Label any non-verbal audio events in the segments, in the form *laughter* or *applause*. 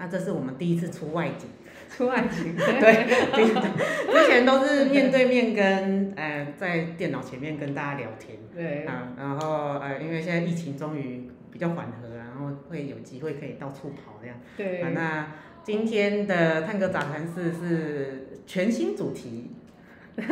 那、啊、這是我們第一次出外景，出外景。對， *laughs* 之前都是面對面跟呃在電腦前面跟大家聊天。對。啊，然後呃，因為現在疫情終於比較緩和，然後會有機會可以到處跑這樣。對。啊，那今天的探戈雜談室是全新主題。 *laughs*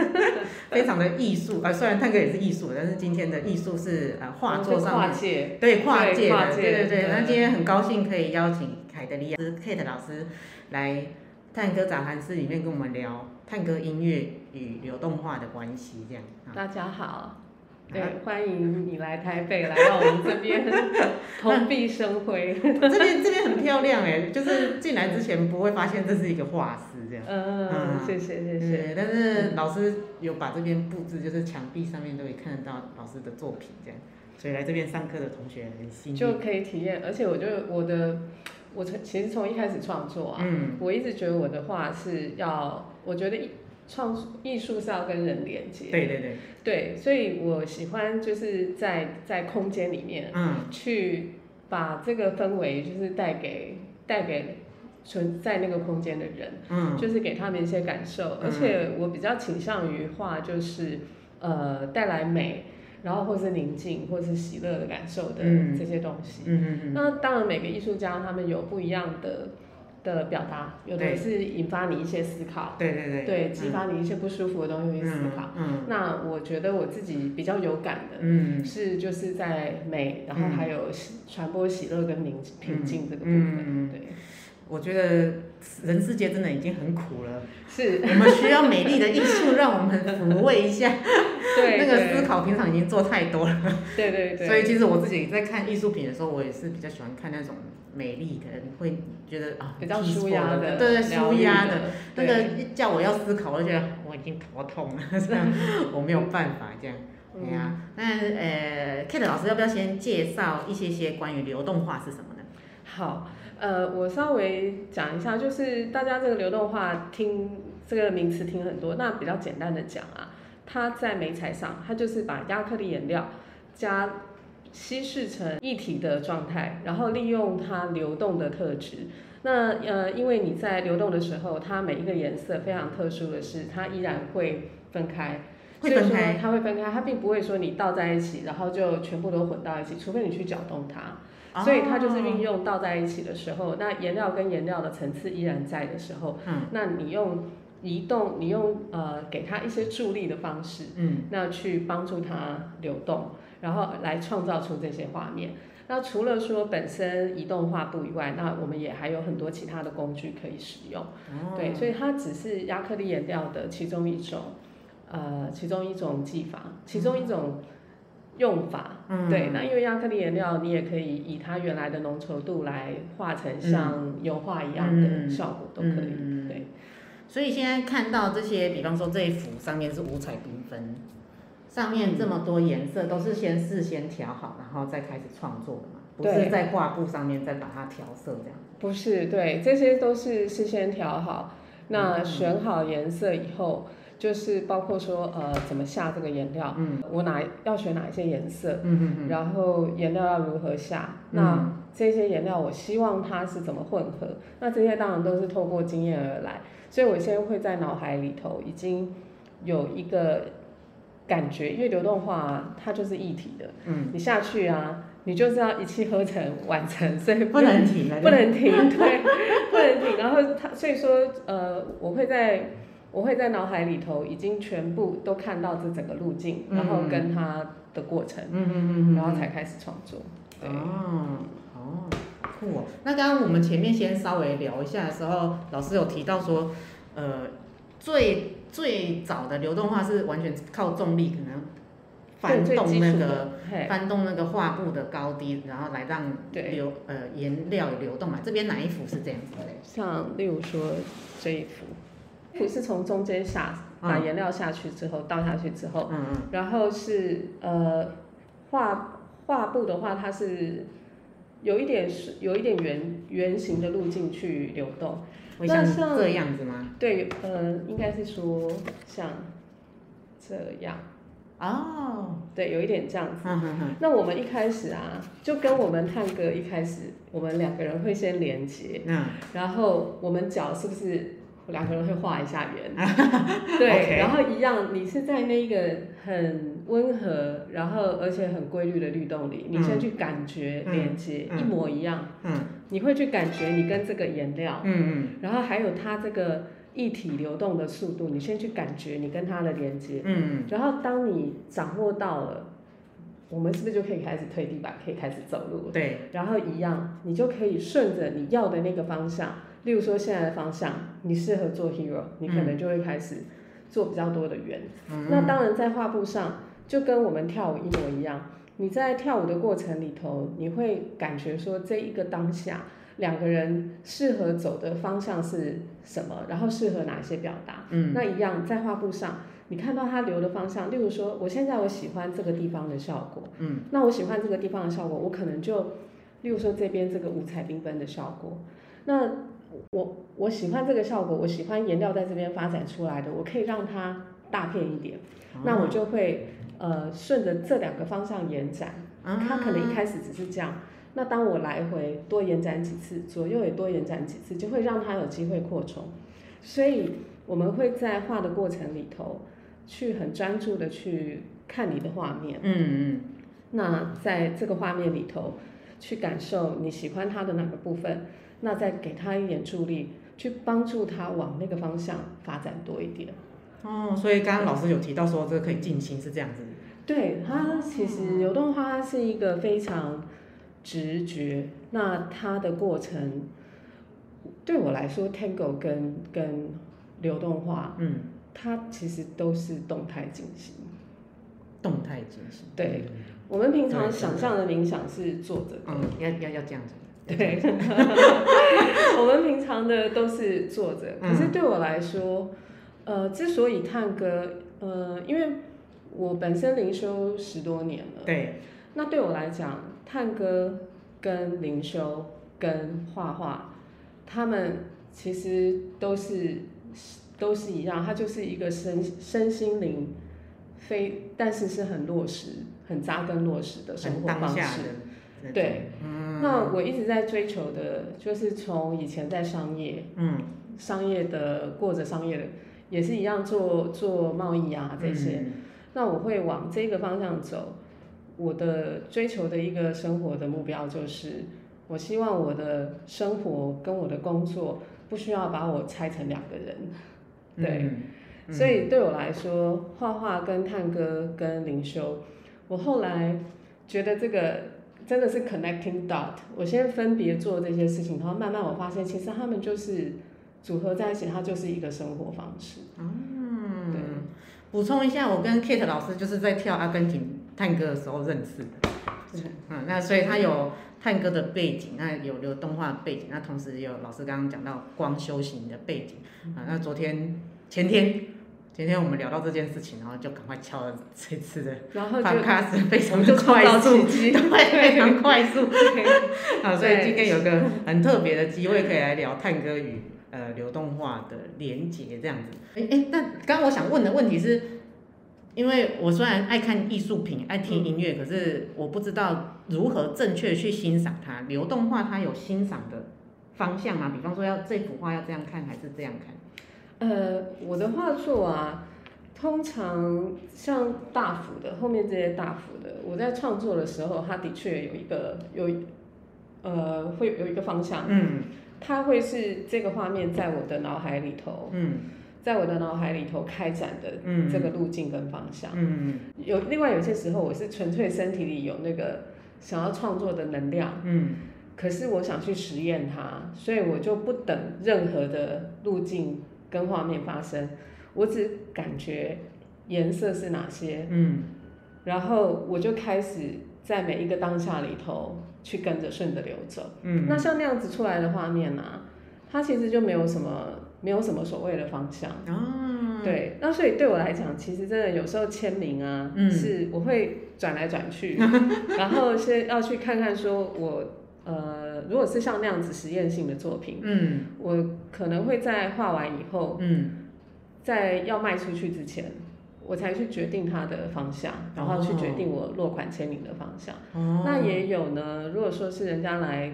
*laughs* 非常的藝術啊，雖然探戈也是藝術，但是今天的藝術是啊畫作上面，嗯、跨對，跨界，的對，跨界，對對對對、對、對。那今天很高興可以邀請凱德利亞斯 Kate 老師來探戈雜談室裡面跟我們聊探戈音樂與流動畫的關係這樣。大家好。對，歡迎你來台北，啊、來到我們這邊， *laughs* 蓬蓽生輝、啊。這邊這邊很漂亮哎， *laughs* 就是進來之前不會發現這是一個畫室這樣。嗯嗯嗯，謝謝謝謝。但是老師有把這邊布置，就是牆壁上面都可以看得到老師的作品這樣，所以來這邊上課的同學很幸運。就可以體驗，而且我就我的，我從其實從一開始創作啊，嗯、我一直覺得我的畫是要，我覺得一。創藝術是要跟人連接，對對對，對，所以我喜歡就是在在空間裡面，去把這個氛圍就是帶給帶給存在那個空間的人，嗯，就是給他們一些感受，而且我比較傾向於畫就是呃帶來美，然後或是寧靜或是喜樂的感受的這些東西，嗯嗯嗯嗯，那當然每個藝術家他們有不一樣的。的表達，有的是引發你一些思考，對對對，對，對激發你一些不舒服的東西去思考，嗯。那我覺得我自己比較有感的，嗯，是就是在美，嗯，然後還有傳播喜樂跟平平靜這個部分，嗯。對，我覺得。人世界真的已經很苦了，是，我們需要美麗的藝術讓我們撫慰一下。對，那個思考平常已經做太多了。對對對。所以其實我自己在看藝術品的時候，我也是比較喜歡看那種美麗的，會覺得啊、哦，比較舒壓，壓，壓的。對的對，舒壓的。那個叫我要思考，我就覺得我已經頭痛了，這樣我沒有辦法這樣。嗯。嗯。那呃，Kate 老師要不要先介紹一些些關於流動畫是什麼呢？好。呃，我稍微講一下，就是大家這個流動畫聽這個名詞聽很多，那比較簡單的講啊，它在媒材上，它就是把壓克力顏料加稀釋成液體的狀態，然後利用它流動的特質。那呃，因為你在流動的時候，它每一個顏色非常特殊的是，它依然會分開。為什麼它會分開？它並不會說你倒在一起，然後就全部都混到一起，除非你去攪動它。所以它就是運用倒在一起的時候，那顏料跟顏料的層次依然在的時候，嗯，那你用移動，你用呃給它一些助力的方式，嗯，那去幫助它流動，然後來創造出這些畫面。那除了說本身移動畫布以外，那我們也還有很多其他的工具可以使用。哦，對，所以它只是壓克力顏料的其中一種，呃，其中一種技法，其中一種，嗯。用法，嗯、對，那因為亞克力顏料，你也可以以它原來的濃稠度來畫成像油畫一樣的效果都可以、嗯。對，所以現在看到這些，比方說這一幅上面是五彩繽紛，上面這麼多顏色都是先事先調好，然後再開始創作的嘛，不是在畫布上面再把它調色這樣。不是，對，這些都是事先調好，那選好顏色以後。就是包括說，呃，怎麼下這個顏料、嗯，我哪要選哪一些顏色，嗯哼哼然後顏料要如何下，嗯、那這些顏料我希望它是怎麼混合，那這些當然都是透過經驗而來，所以我先會在腦海裡頭已經有一個感覺，因為流動畫、啊、它就是一體的，嗯，你下去啊，你就是要一氣呵成完成，所以不能,不能停，不能停，能停對， *laughs* 不能停，然後它，所以說，呃，我會在。我會在腦海裡頭已經全部都看到這整個路徑，嗯、然後跟它的過程、嗯，然後才開始創作。對，哦，哦，好酷哦。那剛剛我們前面先稍微聊一下的時候，老師有提到說，呃，最最早的流動畫是完全靠重力，可能翻動那個翻動那個畫布的高低，然後來讓流呃顏料流動嘛。這邊哪一幅是這樣子的嘞？像例如說這一幅。不是從中間下把顏料下去之後、oh. 倒下去之後，嗯嗯，然後是呃畫畫布的話，它是有一點是有一點圓圓形的路徑去流動，那像這樣子嗎？對，呃，應該是說像這樣哦，oh. 對，有一點這樣子。Oh. 那我們一開始啊，就跟我們探戈一開始，我們兩個人會先連接，嗯、oh.，然後我們腳是不是？兩個人會畫一下圓， *laughs* 對，Okay. 然後一樣，你是在那一個很溫和，然後而且很規律的律動裡，你先去感覺連接，嗯、一模一樣、嗯，你會去感覺你跟這個顏料，嗯、然後還有它這個液體流動的速度，你先去感覺你跟它的連接、嗯，然後當你掌握到了，我們是不是就可以開始推地板，可以開始走路，對，然後一樣，你就可以順着你要的那個方向。例如說，現在的方向，你適合做 hero，你可能就會開始做比較多的圓。嗯。那當然，在畫布上就跟我們跳舞一模一樣。你在跳舞的過程裡頭，你會感覺說，這一個當下，兩個人適合走的方向是什麼，然後適合哪些表達。嗯。那一樣，在畫布上，你看到他流的方向，例如說，我現在我喜歡這個地方的效果。嗯。那我喜歡這個地方的效果，我可能就，例如說這邊這個五彩繽紛的效果，那。我我喜歡這個效果，我喜歡顏料在這邊發展出來的，我可以讓它大片一點，Uh-huh. 那我就會呃順着這兩個方向延展，Uh-huh. 它可能一開始只是這樣，那當我來回多延展幾次，左右也多延展幾次，就會讓它有機會擴充，所以我們會在畫的過程裡頭去很專注的去看你的畫面，嗯嗯，那在這個畫面裡頭。去感受你喜歡他的那個部分，那再給他一點助力，去幫助他往那個方向發展多一點。哦，所以剛剛老師有提到說，這個可以靜心是這樣子的。對，他其實流動畫是一個非常直覺，那他的過程對我來說，Tango 跟跟流動畫，嗯，它其實都是動態靜心。動態靜心。對。我們平常想象的冥想是坐着，嗯，嗯，要要要這樣子，對子， *laughs* *laughs* 我們平常的都是坐着。可是對我來說，嗯、呃，之所以探戈，呃，因為我本身靈修十多年了，對，那對我來講，探戈跟靈修跟畫畫，他們其實都是都是一樣，他就是一個身身心靈。非，但是是很落實、很扎根落實的生活方式。對，對，對、嗯，那我一直在追求的，就是從以前在商業，嗯，商業的過着商業的，也是一樣做做貿易啊這些、嗯。那我會往這個方向走。我的追求的一個生活的目標就是，我希望我的生活跟我的工作不需要把我拆成兩個人。對。嗯所以對我來說，畫畫跟探戈跟靈修，我後來覺得這個真的是 connecting dot。我先分別做這些事情，然後慢慢我發現，其實他們就是組合在一起，它就是一個生活方式。嗯，對。補充一下，我跟 Kate 老師就是在跳阿根廷探戈的時候認識的。是的。嗯，那所以他有探戈的背景，那有有流動畫背景，那同時有老師剛剛講到光修行的背景。啊、嗯嗯，那昨天前天。今天我們聊到這件事情，然後就趕快敲了這次的，的，然後就非常快速，非常快速。好，所以今天有一個很特別的機會，可以來聊探戈與呃流動畫的連結，這樣子。那剛剛我想問的問題是，因為我雖然愛看藝術品，愛聽音樂，嗯、可是我不知道如何正確去欣賞它。流動畫它有欣賞的方向嗎、啊？比方說要，要這幅畫要這樣看，還是這樣看？呃，我的畫作啊，通常像大幅的後面這些大幅的，我在創作的時候，它的確有一個有，呃，會有一個方向。嗯。它會是這個畫面在我的腦海裡頭。嗯。在我的腦海裡頭開展的這個路徑跟方向。嗯，嗯。有另外有些時候，我是純粹身體裡有那個想要創作的能量。嗯。可是我想去實驗它，所以我就不等任何的路徑。跟畫面發生，我只感覺顏色是哪些，嗯，然後我就開始在每一個當下裡頭去跟着順着流走，嗯，那像那樣子出來的畫面呢，啊，它其實就沒有什麼沒有什麼所謂的方向，啊，對，那所以對我來講，其實真的有時候簽名啊，嗯，是我會轉來轉去， *laughs* 然後先要去看看說我。呃，如果是像那樣子實驗性的作品，嗯，我可能會在畫完以後，嗯，在要賣出去之前，我才去決定它的方向，然後去決定我落款簽名的方向。哦，那也有呢。如果說是人家來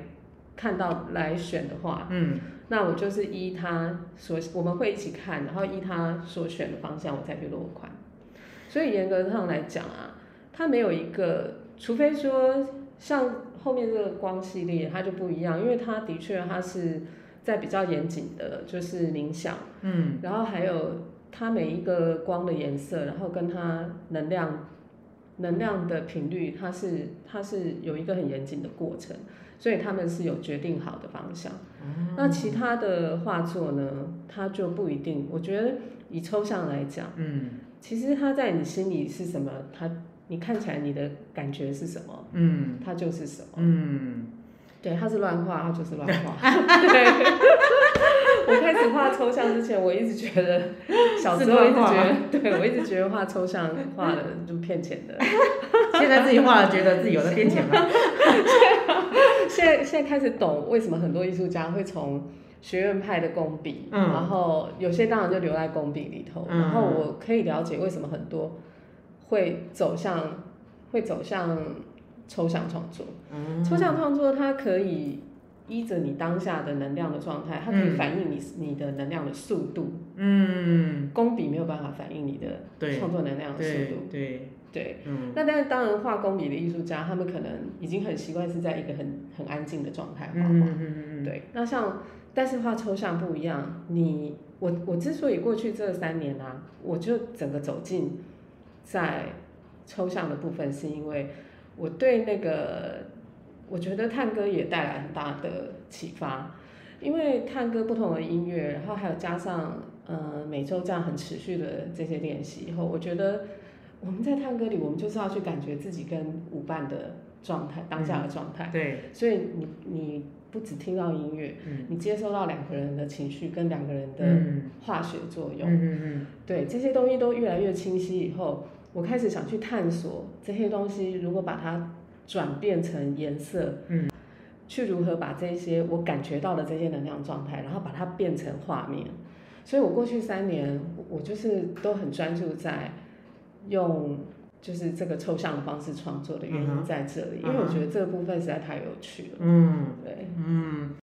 看到來選的話，嗯，那我就是依他所，我們會一起看，然後依他所選的方向，我再去落款。所以嚴格上來講啊，它沒有一個，除非說像。後面這個光系列，它就不一樣，因為它的確，它是在比較嚴謹的，就是冥想，嗯，然後還有它每一個光的顏色，然後跟它能量、能量的頻率，它是它是有一個很嚴謹的過程，所以他們是有決定好的方向。嗯。那其他的畫作呢，它就不一定。我覺得以抽象來講，嗯，其實他在你心裡是什麼？他。你看起來，你的感覺是什麼？嗯，它就是什麼。嗯，對，它是亂畫，它就是亂畫。 *laughs* 對。我開始畫抽象之前，我一直覺得小時候一直覺得，對，我一直覺得畫抽象畫的人就騙錢的。現在自己畫了， *laughs* 覺得自己有點騙錢了。 *laughs* 現在現在開始懂為什麼很多藝術家會從學院派的工筆，然後有些當然就留在工筆裡頭。然後我可以了解為什麼很多。會走向，會走向抽象創作、嗯。抽象創作，它可以依着你當下的能量的狀態，它可以反映你、嗯、你的能量的速度。嗯，工筆沒有辦法反映你的創作能量的速度。對對，對，對、嗯。那但是當然，畫工筆的藝術家，他們可能已經很習慣是在一個很很安靜的狀態畫畫。對。那像，但是畫抽象不一樣。你我我之所以過去這三年啊，我就整個走進。在抽象的部分，是因為我對那個，我覺得探戈也帶來很大的啟發，因為探戈不同的音樂，然後還有加上，呃，每周這樣很持續的這些練習以後，我覺得我們在探戈裡，我們就是要去感覺自己跟舞伴的狀態，當下的狀態。嗯，對，所以你你。不只聽到音樂，你接收到兩個人的情緒跟兩個人的化學作用，嗯，對這些東西都越來越清晰以後，我開始想去探索這些東西，如果把它轉變成顏色，嗯，去如何把這些我感覺到的這些能量狀態，然後把它變成畫面。所以，我過去三年，我就是都很專注在用。就是這個抽象的方式創作的原因在這裡，uh -huh. Uh -huh. 因為我覺得這個部分實在太有趣了。嗯、uh -huh.，對，嗯、uh -huh.。